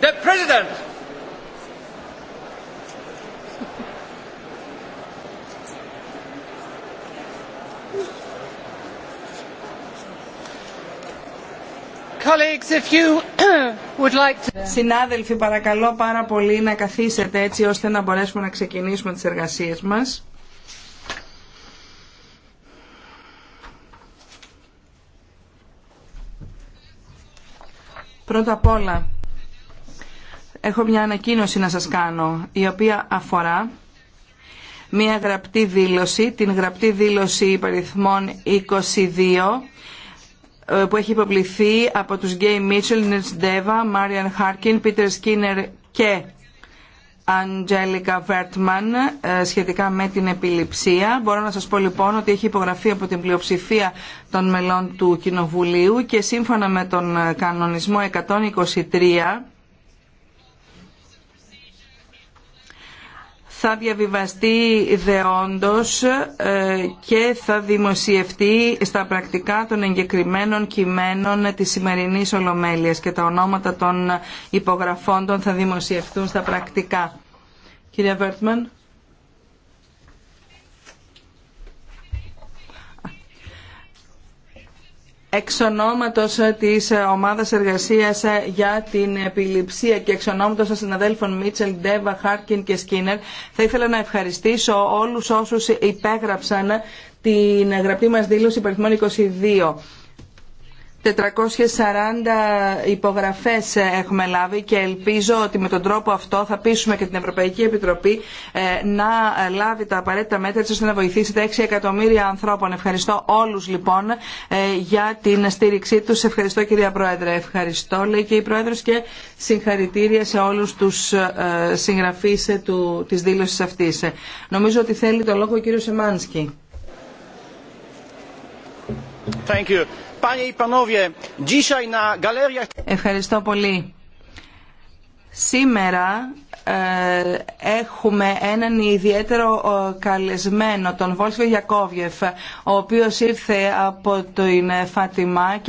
The President! Συνάδελφοι, παρακαλώ πάρα πολύ να καθίσετε έτσι ώστε να μπορέσουμε να ξεκινήσουμε τις εργασίες μας. Πρώτα απ' όλα, έχω μια ανακοίνωση να σας κάνω, η οποία αφορά μια γραπτή δήλωση, την γραπτή δήλωση υπαριθμών 22, ε, που έχει υποβληθεί από τους Γκέι Μίτσελ, Νιρς Ντέβα, Μάριαν Χάρκιν, Πίτερ Σκίνερ και Αντζέλικα Βέρτμαν ε, σχετικά με την επιληψία. Μπορώ να σας πω λοιπόν ότι έχει υπογραφεί από την πλειοψηφία των μελών του Κοινοβουλίου και σύμφωνα με τον ε, κανονισμό 123 θα διαβιβαστεί δεόντως ε, και θα δημοσιευτεί στα πρακτικά των εγκεκριμένων κειμένων της σημερινής Ολομέλειας και τα ονόματα των υπογραφών των θα δημοσιευτούν στα πρακτικά. Κυρία Βέρτμαν. εξ ονόματος ε, της ε, ομάδας εργασίας ε, για την επιληψία και εξ ονόματος των συναδέλφων Μίτσελ, Ντέβα, Χάρκιν και Σκίνερ θα ήθελα να ευχαριστήσω όλους όσους υπέγραψαν την γραπτή μας δήλωση υπ. 22. 440 υπογραφές έχουμε λάβει και ελπίζω ότι με τον τρόπο αυτό θα πείσουμε και την Ευρωπαϊκή Επιτροπή ε, να λάβει τα απαραίτητα μέτρα ώστε να βοηθήσει τα 6 εκατομμύρια ανθρώπων. Ευχαριστώ όλους λοιπόν ε, για την στήριξή τους. Ευχαριστώ κυρία Πρόεδρε. Ευχαριστώ λέει και η Πρόεδρος και συγχαρητήρια σε όλους τους ε, συγγραφείς της δήλωσης αυτής. Νομίζω ότι θέλει το λόγο ο κύριος Εμάνσκι. Ευχαριστώ πολύ. Σήμερα ε, έχουμε έναν ιδιαίτερο ε, καλεσμένο, τον Βόλφιο Γιακόβιεφ, ο οποίος ήρθε από την Φάτιμα και